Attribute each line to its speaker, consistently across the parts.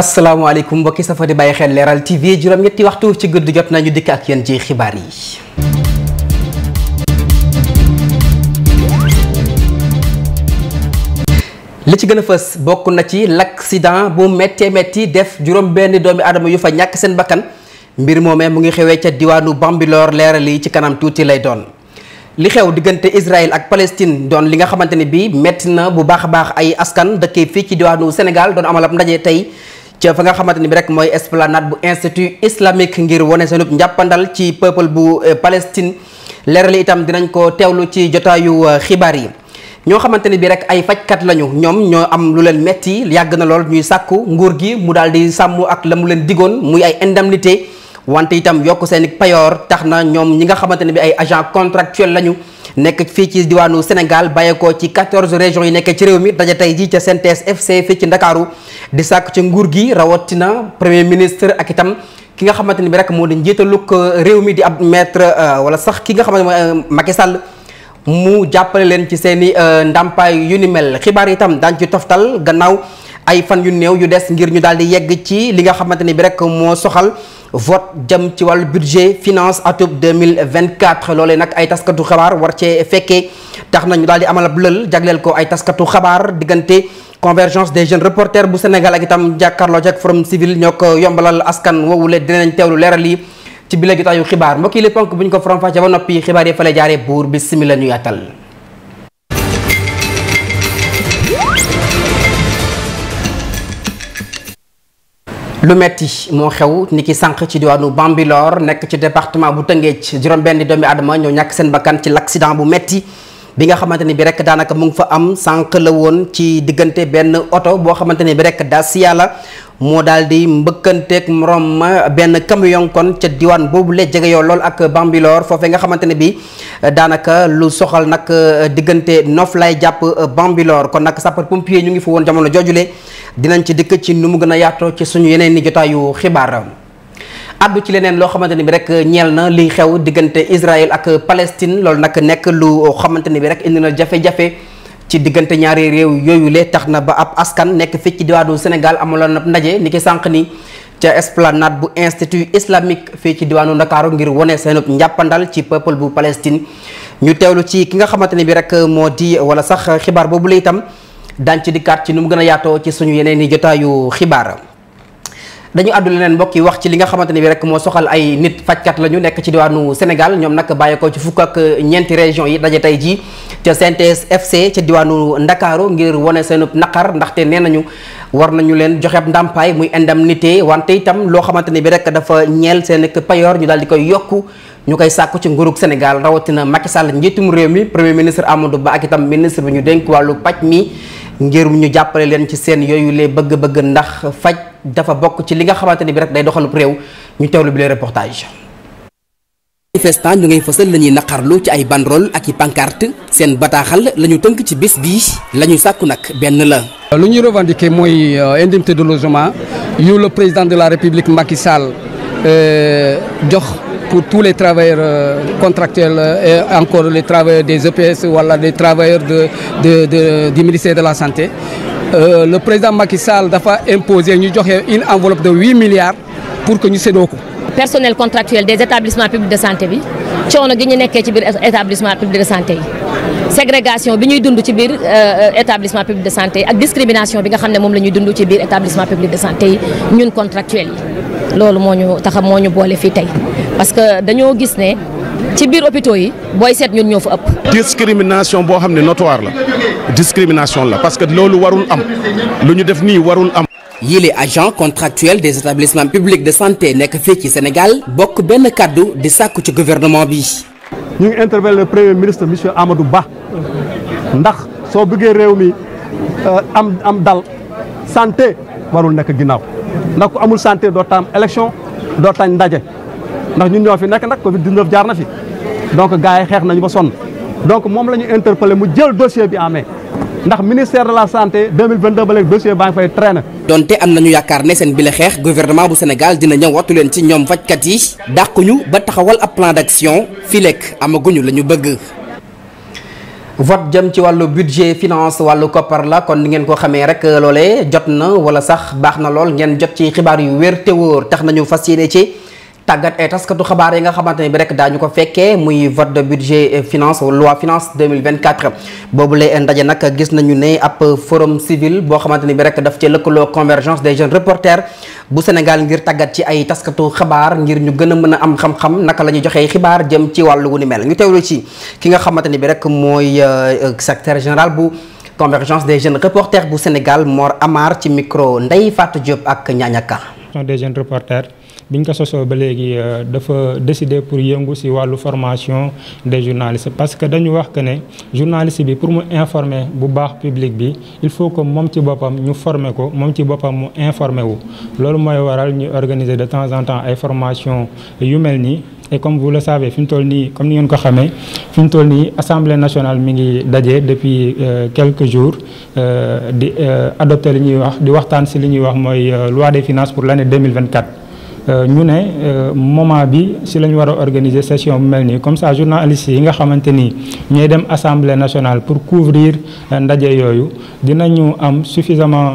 Speaker 1: asalaamaaleykum mbokki safa di bàyyi xel leeral TV juróom-ñetti waxtu ci guddi jot nañu dikk ak yéen ci xibaar yi. li ci gën a fës bokk na ci lakk l'accident bu mettee métti def juróom benn doomi aadama yu fa ñàkk seen bakkan mbir moomee mu ngi xewee ca diwaanu Bambilor leeral yi ci kanam tuuti lay doon li xew diggante Israël ak Palestine doon li nga xamante ne bii métti na bu baax a baax ay askan dëkkee fii ci diwaanu senegal doon amal ab ndaje tey ca fa nga xamante ni bi rek mooy esplanade bu institut islamique ngir wane seenub njàppandal ci peuple bu euh, Palestine leerali itam dinañ ko teewlu ci jotaayu euh, xibaar yi ñoo xamante ni bi rek ay fajkat lañu ñoom ñoo am lu leen metti yàgg na lool ñuy sàkku nguur gi mu daal di sàmm ak la mu leen digoon muy ay indemnité wante itam yokk seen i payoor tax na ñoom ñi nga xamante ne bi ay agent contractuel lañu nekk fii ci diwaanu Sénégal bàyyeekoo ci 14 régions yi nekk ci réew mi daja tey jii ca CNTS FC fii ci Ndakaaru di sàkk ci nguur gi rawatina premier ministre ak itam ki nga xamante ni bi rek moo di njiitalug euh, réew mi di ab maître euh, wala sax ki nga xamante mooy euh, Macky Sall mu jàppale leen ci seen i ndàmpaay yu ni mel xibaar yi itam daañu ci toftal gannaaw. ay fan yu néew yu des ngir ñu daal di yegg ci li nga xamante ni bi rek moo soxal vote jëm ci wàllu budget finance atum 2024 loolee nag ay taskatu xabaar war cee fekkee tax na ñu daal di amal ab lël jagleel ko ay taskatu xabaar diggante convergence des jeunes reporters bu Sénégal ak itam jàkkaarloo ak forum civil ñoo ko yombalal askan woowule dinañ teewlu leeral yi ci biir léegi taayu xibaar mbokk yi li ponk bu ñu ko faram-fàccee ba noppi xibaar yi fale jaaree buur lu metti moo xew ni ki sànq ci diwaanu Bambilor nekk ci département bu Tëngéej juróom-benn doomi Adama ñoo ñàkk seen bakkan ci l'accident bu metti bi nga xamante ni bi rek daanaka mu ngi fa am sànq la woon ci diggante benn oto boo xamante ni bi rek daa si yàlla moo daal di mbëkkanteeg morom ma benn camion kon ca diwaan boobu la jege yoo lool ak Bambilor foofee nga xamante ne bi euh, daanaka lu soxal nag euh, diggante nof lay jàpp euh, Bambilor kon nag sapeur pompier ñu ngi fa woon jamono joojule dinañ ci dëkk ci nu mu gën a yaatoo ci suñu yeneen ni jotaayu xibaaram addu ci leneen loo xamante ni bi rek ñeel na liy xew diggante Israël ak Palestine loolu nag nekk lu xamante ni bi rek indi na jafe-jafe ci diggante ñaari réew yooyu le tax na ba ab askan nekk fii ci diwaanu Sénégal amaloon ab ndaje ni ki sànq ni ca esplanade bu institut islamique fii ci diwaanu Ndakaaru ngir wone seenub njàppandal ci peuple bu Palestine ñu teewlu ci ki nga xamante ne bi rek moo di wala sax xibaar boobu la itam daan ci dikkaat ci nu mu gën a yaatoo ci suñu yeneen i jotaayu xibaar dañu àddu leneen mbokk yi wax ci li nga xamante ni bi rek moo soxal ay nit fajkat la ñu nekk ci diwaanu Sénégal ñoom nag bàyyi ko ci fukk ak ñeenti région yi daje tey jii ca CNTS FC ci diwaanu Ndakaaru ngir wane seen naqar ndaxte nee nañu war nañu leen joxe ndàmpaay muy indam indemnité wante itam loo xamante ni bi rek dafa ñeel seen payoor ñu daal di koy yokku ñu koy sàkku ci nguurug Sénégal rawatina Macky Sall njiitum réew mi premier ministre Amadou Ba ak itam ministre bi ñu dénk wàllu paj mi ngir ñu jàppale leen ci seen yooyu lee bëgg-bëgg ndax faj dafa bokk ci li nga xamante ni bi rek day doxalub réew ñu teewlu bi le reportage. manifestant ñu ngay fësal la ñuy naqarlu ci ay banderole ak i pancarte seen bataaxal la ñu tënk ci bés bii la ñu sàkku nag benn la. lu ñuy revendiquer mooy euh, indemnité de logement yu le président de la république Macky Sall euh, jox. pour tous les travailleurs euh, contractuels et encore les travailleurs des EPS wala les travailleurs de de de du de la santé Euh, le président Macky saal dafa imposer ñu joxe une enveloppe de huit milliards pour que ñu séddoo ko.
Speaker 2: personnel contractuel des établissements publics de santé bi coono gi ñu nekkee ci biir établissement public de santé yi bi ñuy dund ci biir euh, établissement public de santé yi ak discrimination bi nga xam ne moom la ñuy dund ci biir établissement public de santé yi ñun contractuel yi loolu moo ñu taxam moo ñu boole fii tey parce que dañoo gis ne ci biir hôpitaux yi booy seet ñun ñoo fa ëpp.
Speaker 3: discrimination boo xam ne notoire la. discrimination la parce que loolu warul am lu ñu def nii warul
Speaker 1: am. yile agent contractuel des établissements publics de santé nekk fii ci Sénégal bokk benn kàddu di sàkku ci gouvernement bi. ñu ngi interpellé premier ministre monsieur Amadou Ba
Speaker 3: ndax soo bëggee réew mi euh, am am dal santé warul nekk ginnaaw ndax ku amul santé doo tam élection doo tañ ndaje ndax ñun ñoo fi nekk nag Covid jaar na fi donc gars xeex nañu ba sonn donc moom la ñu interpellé mu jël ndax ministère de la santé 2022 ba léegi dossier baa ngi fay traîner.
Speaker 1: donte am na nañu yaakaar ne seen bile xeex gouvernement bu Sénégal dina ñëw wattu leen ci ñoom fajkat yi dàquñu ba taxawal ab plan d'action fii lekk amaguñu la ñu bëgg. vote jëm ci wàllu budget finance wàllu koppar la kon ni ngeen ko xamee rek loolee jot na wala sax baax na lool ngeen jot ci xibaar yu wér te wóor tax nañu fas yéene ci. tàggat ay taskatu xabaar yi nga xamante ne bi rek daañu ko fekkee muy vote de budget finance loi finance 2024 boobu lay ndaje nag gis nañu ne ab forum civil boo xamante ne bi rek daf ci lëkkaloo convergence des jeunes reporters bu Sénégal ngir tàggat ci ay taskatu xabaar ngir ñu gën a mën a am xam-xam naka la ñuy joxee xibaar jëm ci wàllu wu ni mel ñu teewlu ci ki nga xamante ni bi rek mooy euh, secrétaire général bu convergence des jeunes reporters bu Sénégal Mor Amar ci micro Ndeye Fatou Diop ak Ñañaka
Speaker 4: des jeunes reporters biñ ko sosoo ba léegi euh, dafa décider pour yëngu si wàllu formation des journalistes parce que dañu wax que ne journaliste bi pour mu informer bu baax public bi il faut que moom ci boppam ñu former ko moom ci boppam mu informer wu loolu mooy waral ñu organiser de temps en temps ay formation yu mel nii et comme vous le savez fi mu toll nii comme ni ngeen ko xamee fi mu toll nii assemblée nationale mi ngi daje depuis euh, quelques jours euh, di adopté li ñuy wax di waxtaan ci li ñuy wax mooy loi des finances pour l'année 2024 Euh, ñu ne euh, moment bi si la ñu war a organiser session bu mel nii comme ça journalistes yi nga xamante ni ñooy dem assemblée nationale pour couvrir euh, ndaje yooyu dina ñu am suffisamment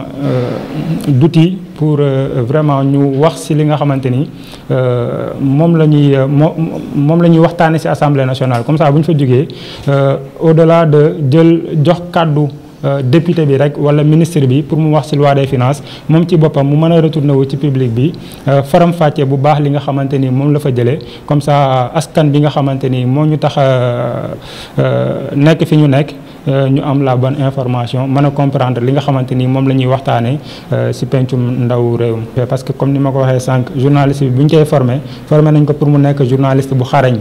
Speaker 4: d'outils pour vraiment ñu wax si li nga xamante ni moom la ñuy moom la ñuy waxtaane si assemblée nationale comme ça bu ñu fa jógee au-delà de jël jox kàddu. Euh, député bi rek wala ministre bi pour mu wax ci loi des finances moom ci boppam mu mën a retourné wu ci public bi euh, faram bu baax li nga xamante ni moom la fa jëlee comme ça askan bi nga xamante ni moo ñu tax euh, nekk fi ñu nekk Euh, ñu am la bon information mën a comprendre li nga xamante ni moom la ñuy waxtaanee euh, si pencum ndaw réew mi euh, parce que comme ni ma ko waxee sànq journaliste bi bu ñu koy formé formé nañ ko pour mu nekk journaliste bu xarañ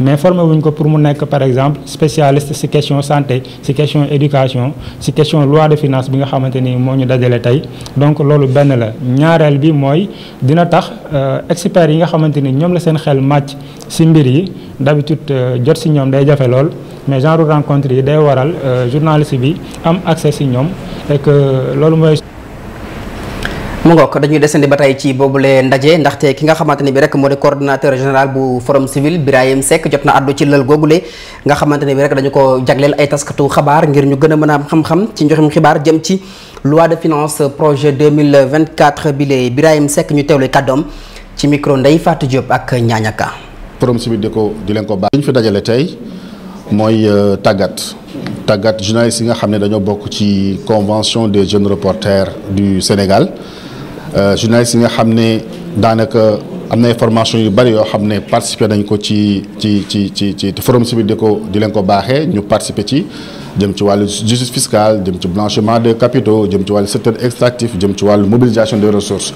Speaker 4: mais formé wuñ ko pour mu nekk par exemple spécialiste si question santé si question éducation si question loi de finance bi nga xamante ni moo ñu dajale tey donc loolu benn la ñaareel bi mooy dina tax experts yi nga xamante ni ñoom la seen xel màcc si mbir yi d'habitude jot si ñoom day jafe lool mais genre rencontre yi day waral euh, journaliste bi am accès si ñoom et loolu mooy.
Speaker 1: mu ngook dañuy desandi ba tey ci boobu boobule ndaje ndaxte ki nga xamante ni bi rek moo de coordonnateur général bu forum civil Birahim sekk jot na àddu ci lël googule nga xamante ni bi rek dañu ko jagleel ay taskatu xabaar ngir ñu gën a mën am xam-xam ci njoxum xibaar jëm ci loi de finance projet 2024 bi lee Birahim Seck ñu teewle kàddoom ci micro Ndeye Fatou Diop ak ñaañaka
Speaker 3: forum civil ko di leen ko baax ñu fi dajale tey mooy euh, tàggat tàggat journalistes yi nga xam ne dañoo bokk ci convention des jeunes reporters du Sénégal euh, journalistes yi nga xam ne daanaka am na ay formation yu bari yoo xam ne participer nañ ko ci ci ci ci ci forum civil di ko di leen ko baaxee ñu participer ci jëm ci wàll justice fiscale jëm ci blanchiment de capitaux jëm ci wàll secteur extractif jëm ci wàllu mobilisation des ressources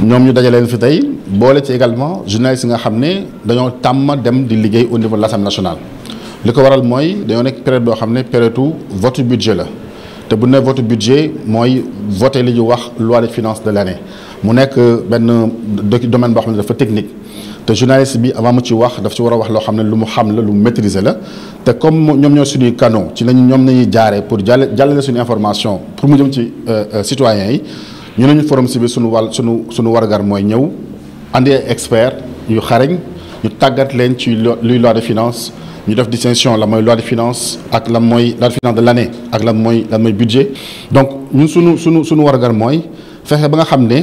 Speaker 3: ñoom ñu daje leen fi tey boole ci également journalistes yi nga xam ne dañoo tàmm dem di liggéey au niveau de l'Assemblée li ko waral mooy dañoo nekk période boo xam ne période vote budget la te bu ne vote budget mooy voté li ñu wax loi de finance de l' mu nekk euh, benn domaine boo xam ne dafa technique te journaliste bi avant mu ci wax daf ci war a wax loo xam ne lu mu xam la lu mu maîtriser la te comme ñoom ñoo suñuy canaux ci lañ ñoom nañuy jaaree pour jàll jàllale suñu information pour mu jëm ci euh, euh, citoyens yi ñu neñu forum si bi suñu wàll suñu suñu wargar mooy ñëw andi ay expert yu ñu tàggat leen ci luy loi finance ñu def distinction la mooy loi de finance ak lan mooy loi de finance de l'année ak lan mooy lan mooy budget donc ñun suñu suñu suñu wargal mooy fexe ba nga xam ne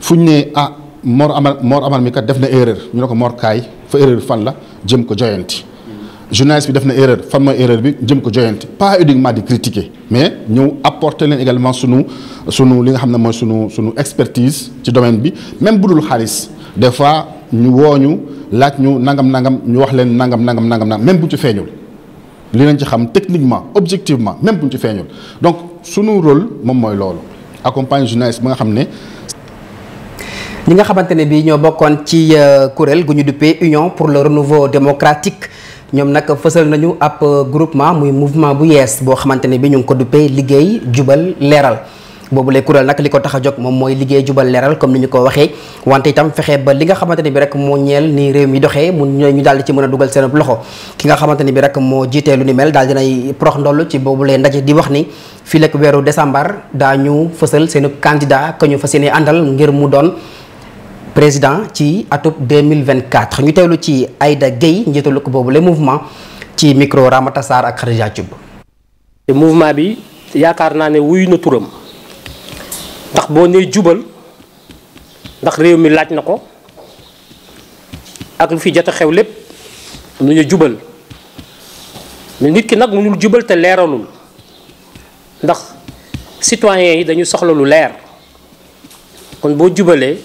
Speaker 3: fu ñu nee ah moor Amar moor amal mi kat def na erreur ñu ne ko Mor kaay fa erreur fan la jëm ko joyanti journaliste bi def na erreur fan mooy erreur bi jëm ko joyanti pas uniquement di critiquer mais ñëw apporter leen également sunu sunu li nga xam ne mooy sunu sunu expertise ci domaine bi même bu xaalis des fois ñu wooñu laaj ñu nangam nangam ñu wax leen nangam nangam nangam même bu ci feeñul li nañ ci xam techniquement objectivement même bu ñu ci feeñul donc suñu rôle moom mooy loolu accompagne jeunesse ba nga xam ne. ñi nga xamante ne bii ñoo bokkoon ci euh, kuréel gu ñu duppee union
Speaker 1: pour le renouveau démocratique. ñoom nag fësal nañu ab euh, groupement muy mouvement bu yees boo xamante ne bi ñu ngi ko duppee liggéey jubal leeral boobu lay kuréel nag li ko tax a jóg moom mooy liggéey jubal leeral comme ni ñu ko waxee wante itam fexe ba li nga xamante ni bi rek moo ñeel ni réew mi doxee mu ñu daal di ci mën a dugal seen loxo ki nga xamante ni bi rek moo jiitee lu ni mel daal dinay prox ndoll ci boobu lay ndaje di wax ni fii lekk weeru décembre daa ñu fësal seen candidat que ñu fa yéene àndal ngir mu doon président ci atub 2024 ñu teewlu ci Aïda Gueye njiitalu ko boobu le mouvement ci micro Ramata Sarr ak Khadija Thioub te bi yaakaar naa ne wuyu na turam ndax boo nee jubal
Speaker 5: ndax réew mi laaj na ko ak lu fi jot a xew lépp lu ñu jubal mais nit ki nag mënul jubal te leeralul ndax citoyens yi dañu soxla lu leer kon boo jubalee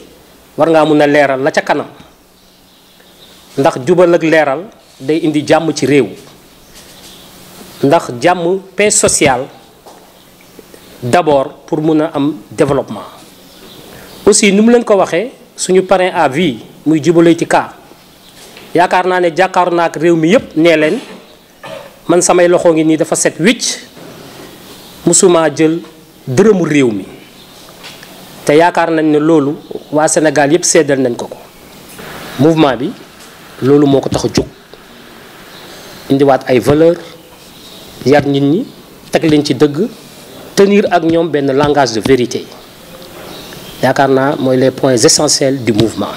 Speaker 5: war ngaa mun a leeral la ca kanam ndax jubal ak leeral day indi jàmm ci réew ndax jàmm paix social d'abord pour mun a am développement aussi ni mu leen ko waxee suñu parrain à vie muy jubalay ci kaa yaakaar naa ne jàkkaaru naa ak réew mi yépp nee leen man samay loxo ngi nii dafa set wicc musuma jël dërëmu réew mi te yaakaar nañ ne loolu waa Sénégal yépp seddal nañ ko ko mouvement bi loolu moo ko tax a jóg indiwaat ay valeur yar nit ñi teg leen ci dëgg tenir ak ñoom benn langage de vérité yaakaar naa mooy les points essentiels du mouvement.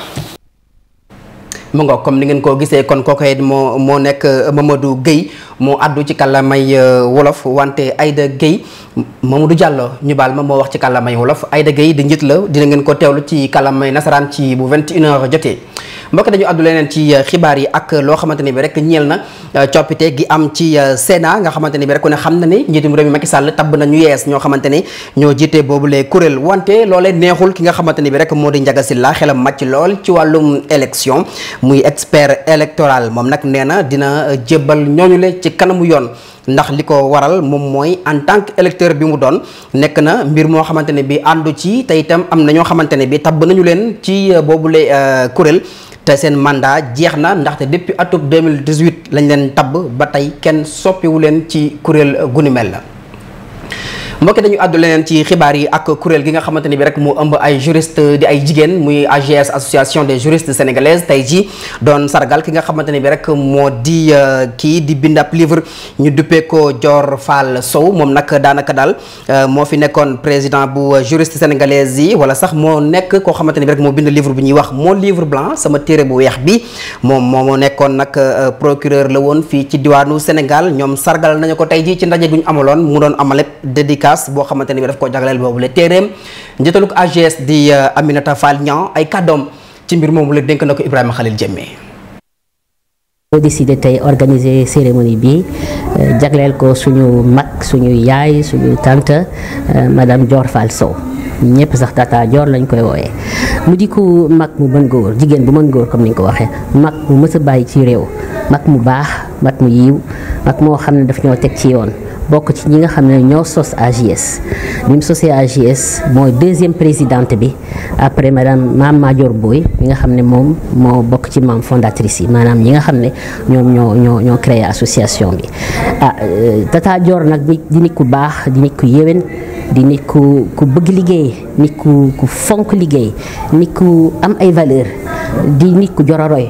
Speaker 1: mu nga comme ni ngeen ko gisee kon kookoy moo moo nekk ma euh, Mamadou Guèye moo àddu ci kàllaamay euh, wolof wante Aïda Guèye du jàlloo ñu baal ma moo wax ci kàllaamay wolof Aïda Guèye di njiit la dina ngeen ko teewlu ci kàllaamay nasaraan ci bu 21h jotee. mbokk dañu àddu leneen ci euh, xibaar yi ak euh, loo xamante ni bi rek ñeel na euh, coppite gi am ci Sénat nga xamante ni bi rek ku ne xam na ni njiitum réew mi Macky sàll tabb na ñu yees ñoo xamante ni ñoo jiite boobu boobulee kuréel wante loolee neexul ki nga xamante ni bi rek moo di Ndiaga Sylla xelam màcc lool ci wàllum election muy expert électoral moom nag nee na dina jébbal ñooñu le ci kanamu yoon ndax li ko waral moom mooy en tant que électeur bi mu doon nekk na mbir moo xamante ne bi àndu ci te itam am na ñoo xamante ne bi tabb nañu leen ci euh, boobu boobule euh, kuréel te seen mandat jeex na ndaxte depuis atum 2018 lañ leen tabb ba tey kenn soppiwu leen ci kuréel gu la mbokki dañu àddu leneen ci xibaar yi ak kuréel gi nga xamante ni bi rek mu ëmb ay juriste di ay jigéen muy AGS association des juristes sénégalaises tey ji doon sargal ki nga xamante ni bi rek moo di euh, kii di bind ab livre ñu duppee ko Dior Fall Sow moom nag daanaka daal euh, moo fi nekkoon président bu juriste sénégalaise yi wala sax moo nekk koo xamante ni bi rek moo bind livre bu ñuy wax moo livre blanc sama téere bu weex bi moom moo nekkoon nag euh, procureur la woon fii ci diwaanu Sénégal ñoom sargal nañu Dias boo xamante ne bi daf koo jagleel boobu la téeréem njëtaluk AGS di euh, Aminata Fall Niang ay kàddoom ci mbir moomu la dénk na ko Ibrahima Khalil Diémé
Speaker 2: boo décidé tey organiser bi euh, jagleel ko suñu mag suñu yaay suñu tante euh, madame Dior Fall Sow ñëpp sax tata lañ koy wooyee mu di ko mag mu mën góor jigéen bu mën góor comme ni ñu ko waxee mag mu mës bàyyi ci réew mag mu baax mag mu yiw mag moo xam ne daf ñoo teg ci yoon bokk ci ñi nga xam ne ñoo sos AJS bi mu sosee AJS mooy deuxième présidente bi après madame maam Madior Boye ñi nga xam ne moom moo bokk ci maam fondatrice yi maanaam ñi nga xam ne ñoom ñoo ñoo ñoo créé association bi ah euh, Tata nag di nit ku baax di nit ku yéwén di nit ku ku bëgg liggéey nit ku ku fonk liggéey nit ku am ay valeur di nit ku jororoy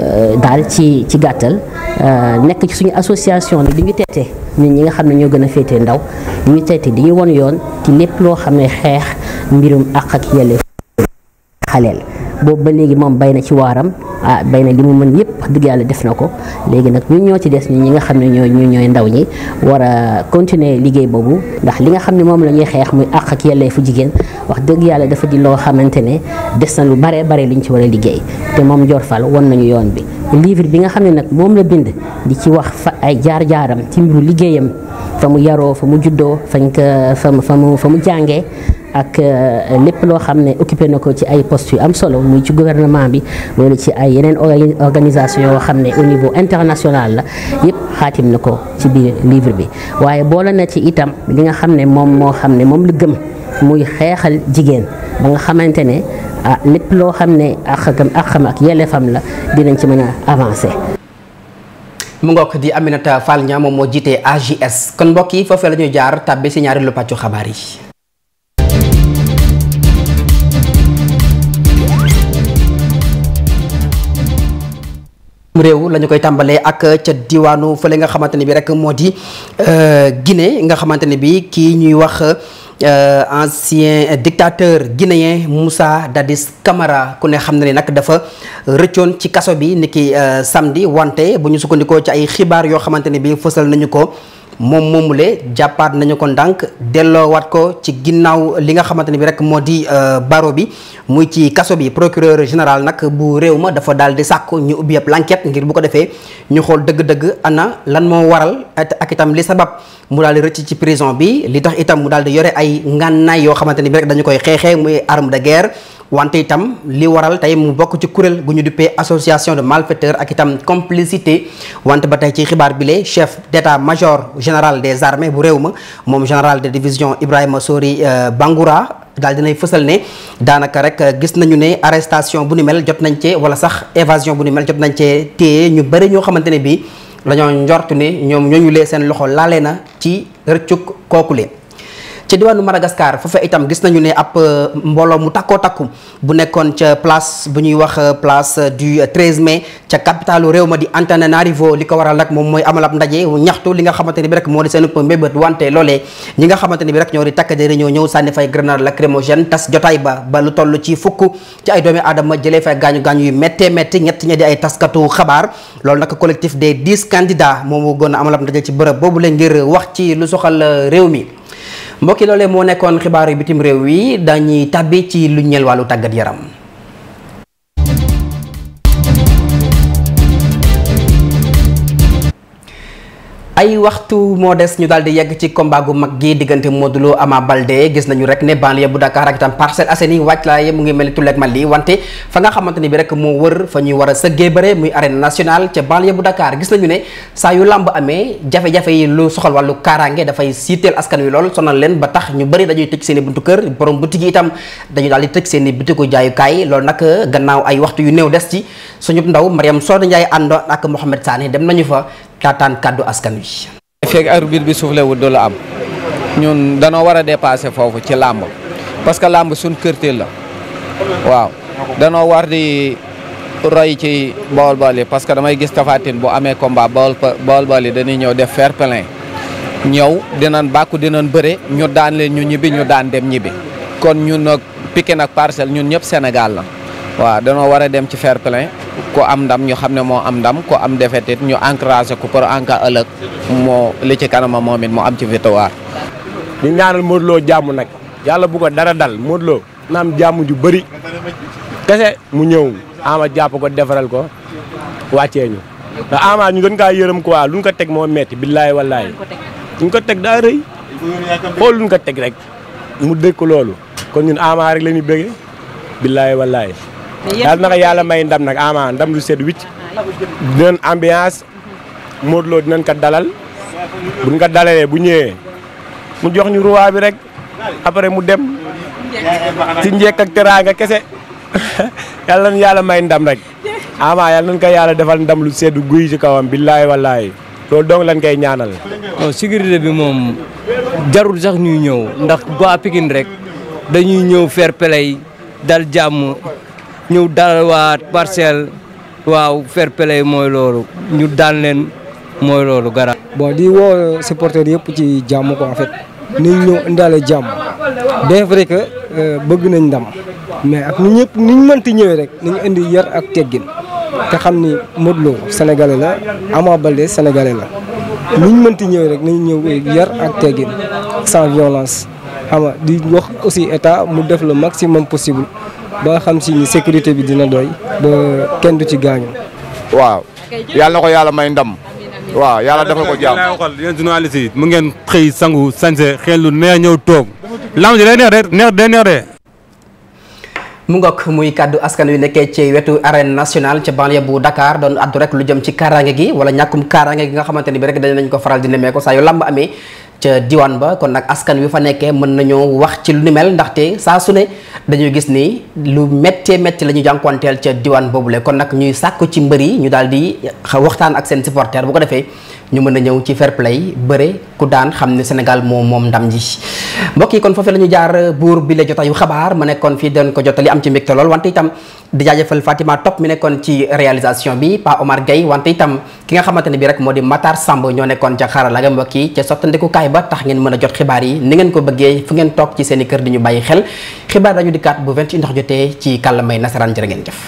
Speaker 2: euh, daal ci ci gàttal euh, nekk ci suñu association nag di ñu teete nit ñi nga xam ne ñoo gën a féetee ndaw ñu seeti di ñu won yoon ci lépp loo xam ne xeex mbirum àq ak yelleef xaleel boobu ba léegi moom bay na ci waaram ah bay na li mu mën yëpp wax dëgg yàlla def na ko léegi nag ñu ñoo ci des ñi nga xam ne ñoo ñu ñooy ndaw ñi war a continuer liggéey boobu ndax li nga xam ne moom la ñuy xeex muy àq ak yelleefu jigéen wax dëgg yàlla dafa di loo xamante ne des lu baree bare liñ ci war a liggéey te moom Dior Fall won nañu yoon bi livre bi nga xam ne nag moom la bind di ci wax fa ay jaar-jaaram ci mbiru liggéeyam fa mu yaroo fa mu juddoo fañ ko fa mu fa mu mu jàngee ak euh, lépp loo xam ne occupé na ko ci ay postes yu am solo muy ci gouvernement bi loolu ci ay yeneen organisation yoo xam ne au niveau international la yëpp xaatim na ko ci biir livre bi waaye boole na ci itam li nga xam ne moom moo xam ne moom la gëm muy xeexal jigéen ba nga xamante ne ah lépp loo xam ne ak xam ak yelleefam la dinañ ci mën a avancer.
Speaker 1: mu ngook di na Fall Niang moom moo jiite AJS kon mbokk yi foofee la ñuy jaar tàbbi si ñaareelu pàccu xabaar yi. réew la ñu koy tàmbalee ak ca diwaanu fële nga xamante ne bi rek moo di euh, Guinée nga xamante ne bi kii ñuy wax euh, ancien dictateur guinéen Moussa Dadis Camara ku ne xam na ne nag dafa rëccoon ci kaso bi niki euh, samedi wante bu ñu sukkandikoo ci ay xibaar yoo xamante ne bi fësal nañu ko moom moomulee jàppaat nañu ko ndànk delloowaat ko ci ginnaaw li nga xamante ne bi rek moo di euh, baro bi muy ci kaso bi procureur général nag bu réew ma dafa daal di sàkk ñu ubbi ab l'enquête ngir bu ko defee ñu xool dëgg-dëgg anna lan moo waral ak itam li sabab mu daal di rëcc ci prison bi li tax itam mu daal di yore ay ngànnaay yoo xamante ne bi rek dañu koy xeexee muy arme de guerre wante itam li waral tey mu bokk ci kuréel gu ñu duppee association de malfaiteurs ak itam complicité wante ba tey ci xibaar bi lee chef d'état-major général des armées bu réew ma moom général de division Ibrahima Sori euh, Bangoura daal nay fësal ne daanaka rek euh, gis nañu ne arrestation bu ni mel jot nañ cee wala sax évasion bu ni mel jot nañ cee téye ñu bëri ñoo xamante ne bii dañoo njort ne ñoom ñooñu lee seen loxo laale na ci kooku kookule ca diwaanu Madagascar foofa itam gis nañu ne ab euh, mbooloo mu takkoo takku bu nekkoon ca place bu ñuy wax euh, place euh, du mais mai ca capitalu réew ma di Antananarivo li ko waral nag moom mooy amal ab ndaje ñaxtu li nga xamante ni bi rek moo di seen mbébét wante loolee ñi nga xamante ni bi rek ñoo di takk deri ñoo ñëw sànni fay grenade lacrymogène tas jotaay ba ba lu toll ci fukk ci ay doomi aadama jëlee fay gaañu gaañu yu méttee métti ñett ña di ay taskatu loolu nag collectif des dix candidats moo gën a amal ab ndaje ci bërëb boobu leen ngir wax ci lu soxal réew mi mbokki loole moo nekkoon xibaaru bitim réew yi dañuy tàbbi ci lu ñeel wàllu tàggat yaram ay waxtu moo des ñu daal di yegg ci combat gu mag gi diggante Modou Lo Ama Baldé gis nañu rek ne banlieue bu Dakar ak itam Parcelles Assainies wàcc laaye mu ngi mel ni tulleeg mal li wante fa nga xamante ni bi rek moo wër fa ñuy war a sëggee bëre muy arène nationale ca banlieue bu Dakar gis nañu ne saa yu làmb amee jafe-jafe yi lu soxal wàllu kaaraange dafay siiteel askan wi lool sonal leen ba tax ñu bari dañuy tëj seeni i buntu kër borom boutique yi itam dañu daal di tëj seen i butiku jaayukaay loolu nag gannaaw ay waxtu yu néew des ci suñu ndaw Mariam Soda Ndiaye àndoon ak Mohamed Sané dem nañu fa taataan kàddu askan wi. fekk arbitre bi suuflewul du la am ñun danoo war a dépasser foofu ci làmb parce que làmb suñ kërteel la waaw danoo war di roy ci bawol bawol yi parce que damay gis tafaatin boo amee combat bawol bawol bawol yi dañuy ñëw def fair play ñëw dinañ bàkku dinañ bëre ñu daan leen ñu ñibbi ñu daan dem ñibbi kon ñun nag Pikine ak Parcelles ñun ñëpp Sénégal la waaw danoo war a dem ci fair play ku am ndam ñu xam ne moo am ndam ku am défaite it ñu encouragé ko pour en cas ëllëg moo li ci kanama moom it mu am ci victoire. di ñaanal Modou Lo jàmm nag yàlla bu ko dara dal Modou Lo
Speaker 4: na am jàmm ju bëri kese mu ñëw ama jàpp ko defaral ko wàccee ñu ndax ama ñu doon kaa yërëm ko lu ñu ko teg moo meti billaay wallaay lu ñu ko teg daa rëy xool lu ñu ko teg rek mu dëkk loolu kon ñun ama rek la ñuy bëggee billaay yàlla na yàlla may ndam nag ama ndam lu set wicc dinañ ambiance Modou Lo dinañ ko dalal buñ ko dalalee bu ñëwee mu jox ñu roi bi rek après mu dem ci njekk ak teraanga kese yàlla nañ yàlla may ndam rek ama yàlla nañ ko yàlla
Speaker 5: defal ndam lu sedd
Speaker 4: guy ci kawam billaahi wallaahi loolu dong lañ koy ñaanal
Speaker 5: non sécurité bi moom jarul sax ñuy ñëw ndax ba rek dañuy ñëw fair play dal jàmm ñëw dalal waa parcelle waaw fair play mooy loolu ñu daal leen mooy loolu gara bon di woo supporters yëpp ci jàmm ko en fait nañ ñëw indaale jàmm bien vrai que euh, bëgg nañ ndam mais ak ni ñëpp niñ mënti ñëwee rek nañ indi yar ak teggin xam ni Modou Lo sénégalais la Ama Baldé sénégalais la niñ mënti ñëwee rek nañ ñëw yar ak teggin sans violence xam nga di wax aussi état mu def le maximum possible ba xam si ni sécurité bi dina doy kenn du ci gaañu.
Speaker 3: waaw yàlla na ko yàlla may ndam. waaw yàlla dafa ko jàmm yéen mu ngeen
Speaker 4: xëy sangu sañse xel lu neex ñëw toog lam ji day neex de neex day neex de
Speaker 1: mu ngok muy kàddu askan wi nekkee ci wetu arène nationale ca banlieue bu Dakar doon addu rek lu jëm ci kaaraange gi wala ñàkkum kaaraange gi nga xamante ni bi rek dañ nañ ko faral di nemee ko saa yu làmb amee ca diwaan ba kon nag askan wi fa nekkee mën nañoo wax ci lu ni mel ndaxte saa su ne dañuy gis ni lu méttee métti la ñu jànkuwanteel ca diwaan boobu boobule kon nag ñuy sàkk ci mbër yi ñu daal di waxtaan ak seen supporter bu ko defee ñu mën a ñëw ci fair play bëre ku daan xam ne Sénégal moom moom ndam ji mbokk kon foofu la ñu jaar buur bi la jotaayu xabaar mu nekkoon fii doon ko li am ci mbégte lool wante itam di jaajëfal Fatima Top mi nekkoon ci réalisation bi Pa Omar Gueye wante itam ki nga xamante ne bi rek moo di Matar Samb ñoo nekkoon ca xarala ga ba tax ngeen mën a jot xibaar yi ni ngeen ko bëggee fu ngeen toog ci seeni kër di ñu bàyyi xel xibaar dañu dikkaat bu 28 ndax jotee ci kàllamay nasaraan jërë ngeen jëf